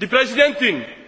Die Präsidentin!